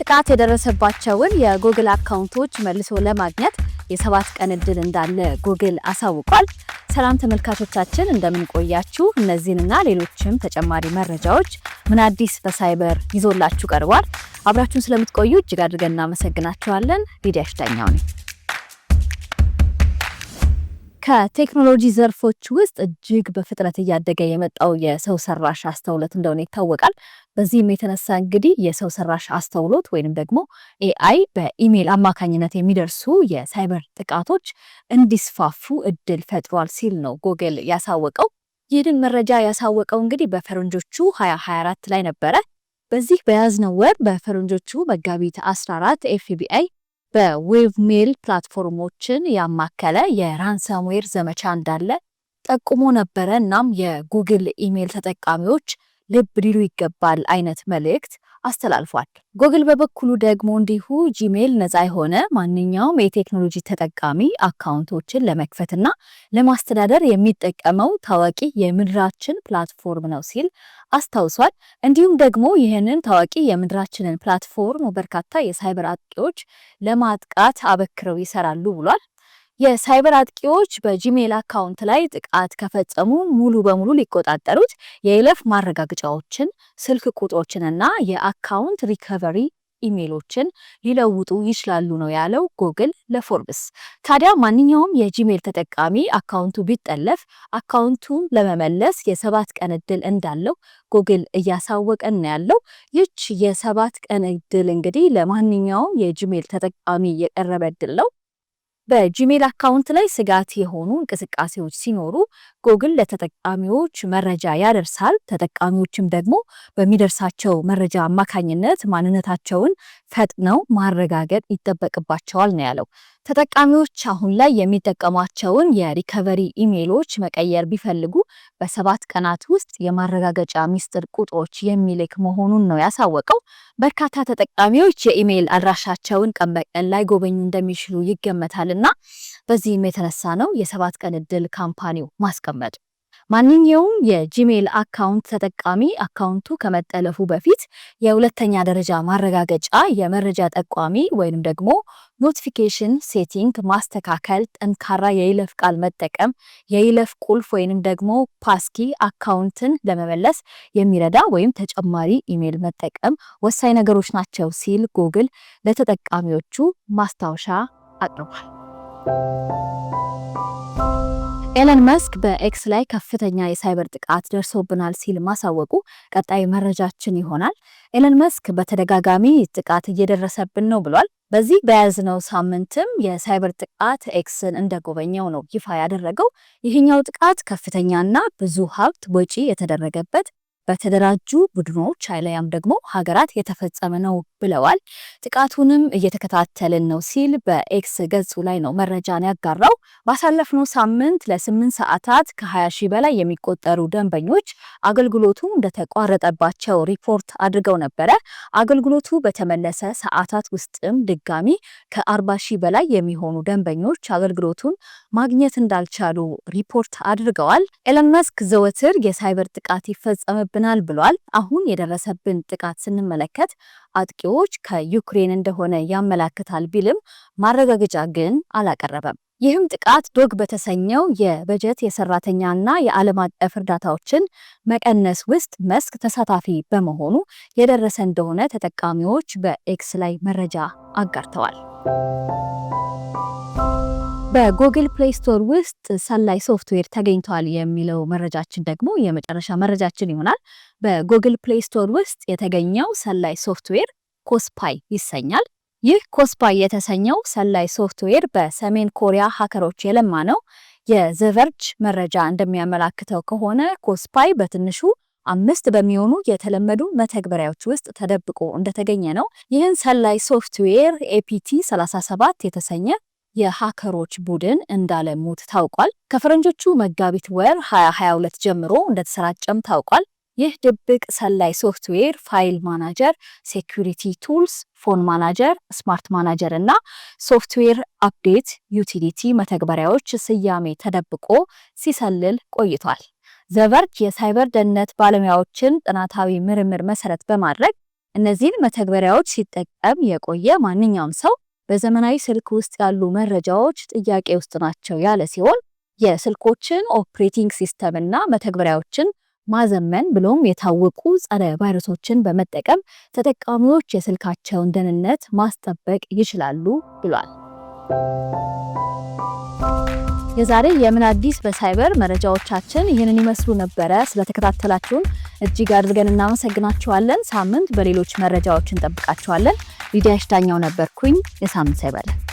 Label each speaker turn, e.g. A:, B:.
A: ጥቃት የደረሰባቸውን የጉግል አካውንቶች መልሶ ለማግኘት የሰባት ቀን እድል እንዳለ ጉግል አሳውቋል። ሰላም ተመልካቾቻችን እንደምንቆያችሁ እነዚህንና ሌሎችም ተጨማሪ መረጃዎች ምን አዲስ በሳይበር ይዞላችሁ ቀርቧል። አብራችሁን ስለምትቆዩ እጅግ አድርገን እናመሰግናችኋለን። ሊዲያ ሽዳኛው ነኝ። ከቴክኖሎጂ ዘርፎች ውስጥ እጅግ በፍጥነት እያደገ የመጣው የሰው ሰራሽ አስተውሎት እንደሆነ ይታወቃል። በዚህም የተነሳ እንግዲህ የሰው ሰራሽ አስተውሎት ወይንም ደግሞ ኤአይ በኢሜይል አማካኝነት የሚደርሱ የሳይበር ጥቃቶች እንዲስፋፉ እድል ፈጥሯል ሲል ነው ጎግል ያሳወቀው። ይህንን መረጃ ያሳወቀው እንግዲህ በፈረንጆቹ 2024 ላይ ነበረ። በዚህ በያዝነው ወር በፈረንጆቹ መጋቢት 14 ኤፍቢአይ በዌቭ ሜል ፕላትፎርሞችን ያማከለ የራንሰምዌር ዘመቻ እንዳለ ጠቁሞ ነበረ። እናም የጉግል ኢሜል ተጠቃሚዎች ልብ ሊሉ ይገባል አይነት መልእክት አስተላልፏል። ጎግል በበኩሉ ደግሞ እንዲሁ ጂሜል ነፃ የሆነ ማንኛውም የቴክኖሎጂ ተጠቃሚ አካውንቶችን ለመክፈትና ለማስተዳደር የሚጠቀመው ታዋቂ የምድራችን ፕላትፎርም ነው ሲል አስታውሷል። እንዲሁም ደግሞ ይህንን ታዋቂ የምድራችንን ፕላትፎርም በርካታ የሳይበር አጥቂዎች ለማጥቃት አበክረው ይሰራሉ ብሏል። የሳይበር አጥቂዎች በጂሜል አካውንት ላይ ጥቃት ከፈጸሙ ሙሉ በሙሉ ሊቆጣጠሩት የይለፍ ማረጋገጫዎችን፣ ስልክ ቁጥሮችንና የአካውንት ሪከቨሪ ኢሜሎችን ሊለውጡ ይችላሉ ነው ያለው ጎግል ለፎርብስ። ታዲያ ማንኛውም የጂሜል ተጠቃሚ አካውንቱ ቢጠለፍ አካውንቱን ለመመለስ የሰባት ቀን እድል እንዳለው ጎግል እያሳወቀን ያለው። ይች የሰባት ቀን እድል እንግዲህ ለማንኛውም የጂሜል ተጠቃሚ የቀረበ እድል ነው። በጂሜል አካውንት ላይ ስጋት የሆኑ እንቅስቃሴዎች ሲኖሩ ጎግል ለተጠቃሚዎች መረጃ ያደርሳል። ተጠቃሚዎችም ደግሞ በሚደርሳቸው መረጃ አማካኝነት ማንነታቸውን ፈጥነው ማረጋገጥ ይጠበቅባቸዋል ነው ያለው። ተጠቃሚዎች አሁን ላይ የሚጠቀሟቸውን የሪከቨሪ ኢሜሎች መቀየር ቢፈልጉ በሰባት ቀናት ውስጥ የማረጋገጫ ሚስጥር ቁጥሮች የሚልክ መሆኑን ነው ያሳወቀው። በርካታ ተጠቃሚዎች የኢሜይል አድራሻቸውን ቀን በቀን ላይ ጎበኙ እንደሚችሉ ይገመታልና በዚህም የተነሳ ነው የሰባት ቀን እድል ካምፓኒው ማስቀመጡ። ማንኛውም የጂሜል አካውንት ተጠቃሚ አካውንቱ ከመጠለፉ በፊት የሁለተኛ ደረጃ ማረጋገጫ የመረጃ ጠቋሚ ወይም ደግሞ ኖቲፊኬሽን ሴቲንግ ማስተካከል፣ ጠንካራ የይለፍ ቃል መጠቀም፣ የይለፍ ቁልፍ ወይንም ደግሞ ፓስኪ አካውንትን ለመመለስ የሚረዳ ወይም ተጨማሪ ኢሜል መጠቀም ወሳኝ ነገሮች ናቸው ሲል ጉግል ለተጠቃሚዎቹ ማስታወሻ አቅርቧል። ኤለን መስክ በኤክስ ላይ ከፍተኛ የሳይበር ጥቃት ደርሶብናል ሲል ማሳወቁ ቀጣይ መረጃችን ይሆናል። ኤለን መስክ በተደጋጋሚ ጥቃት እየደረሰብን ነው ብሏል። በዚህ በያዝነው ሳምንትም የሳይበር ጥቃት ኤክስን እንደጎበኘው ነው ይፋ ያደረገው። ይህኛው ጥቃት ከፍተኛና ብዙ ሀብት ወጪ የተደረገበት በተደራጁ ቡድኖች አሊያም ደግሞ ሀገራት የተፈጸመ ነው ብለዋል። ጥቃቱንም እየተከታተልን ነው ሲል በኤክስ ገጹ ላይ ነው መረጃን ያጋራው። ባሳለፍነው ሳምንት ለስምንት ሰዓታት ከ20 ሺህ በላይ የሚቆጠሩ ደንበኞች አገልግሎቱ እንደተቋረጠባቸው ሪፖርት አድርገው ነበረ። አገልግሎቱ በተመለሰ ሰዓታት ውስጥም ድጋሚ ከ40 ሺህ በላይ የሚሆኑ ደንበኞች አገልግሎቱን ማግኘት እንዳልቻሉ ሪፖርት አድርገዋል። ኤለን መስክ ዘወትር የሳይበር ጥቃት ይፈጸም ደርሶብናል ብሏል። አሁን የደረሰብን ጥቃት ስንመለከት አጥቂዎች ከዩክሬን እንደሆነ ያመላክታል ቢልም ማረጋገጫ ግን አላቀረበም። ይህም ጥቃት ዶግ በተሰኘው የበጀት የሰራተኛና የዓለም አቀፍ እርዳታዎችን መቀነስ ውስጥ መስክ ተሳታፊ በመሆኑ የደረሰ እንደሆነ ተጠቃሚዎች በኤክስ ላይ መረጃ አጋርተዋል። በጉግል ፕሌይ ስቶር ውስጥ ሰላይ ሶፍትዌር ተገኝቷል የሚለው መረጃችን ደግሞ የመጨረሻ መረጃችን ይሆናል። በጉግል ፕሌይ ስቶር ውስጥ የተገኘው ሰላይ ሶፍትዌር ኮስፓይ ይሰኛል። ይህ ኮስፓይ የተሰኘው ሰላይ ሶፍትዌር በሰሜን ኮሪያ ሀከሮች የለማ ነው። የዘቨርጅ መረጃ እንደሚያመላክተው ከሆነ ኮስፓይ በትንሹ አምስት በሚሆኑ የተለመዱ መተግበሪያዎች ውስጥ ተደብቆ እንደተገኘ ነው። ይህን ሰላይ ሶፍትዌር ኤፒቲ 37 የተሰኘ የሃከሮች ቡድን እንዳለሙት ታውቋል። ከፈረንጆቹ መጋቢት ወር 2022 ጀምሮ እንደተሰራጨም ታውቋል። ይህ ድብቅ ሰላይ ሶፍትዌር ፋይል ማናጀር፣ ሴኩሪቲ ቱልስ፣ ፎን ማናጀር፣ ስማርት ማናጀር እና ሶፍትዌር አፕዴት ዩቲሊቲ መተግበሪያዎች ስያሜ ተደብቆ ሲሰልል ቆይቷል። ዘቨርጅ የሳይበር ደህንነት ባለሙያዎችን ጥናታዊ ምርምር መሰረት በማድረግ እነዚህን መተግበሪያዎች ሲጠቀም የቆየ ማንኛውም ሰው በዘመናዊ ስልክ ውስጥ ያሉ መረጃዎች ጥያቄ ውስጥ ናቸው ያለ ሲሆን የስልኮችን ኦፕሬቲንግ ሲስተም እና መተግበሪያዎችን ማዘመን ብሎም የታወቁ ጸረ ቫይረሶችን በመጠቀም ተጠቃሚዎች የስልካቸውን ደህንነት ማስጠበቅ ይችላሉ ብሏል። የዛሬ የምን አዲስ በሳይበር መረጃዎቻችን ይህንን ይመስሉ ነበረ። ስለተከታተላችሁን እጅግ አድርገን እናመሰግናችኋለን። ሳምንት በሌሎች መረጃዎች እንጠብቃችኋለን። ሊዲያ ሽዳኛው ነበርኩኝ። የሳምንት ሳይበለን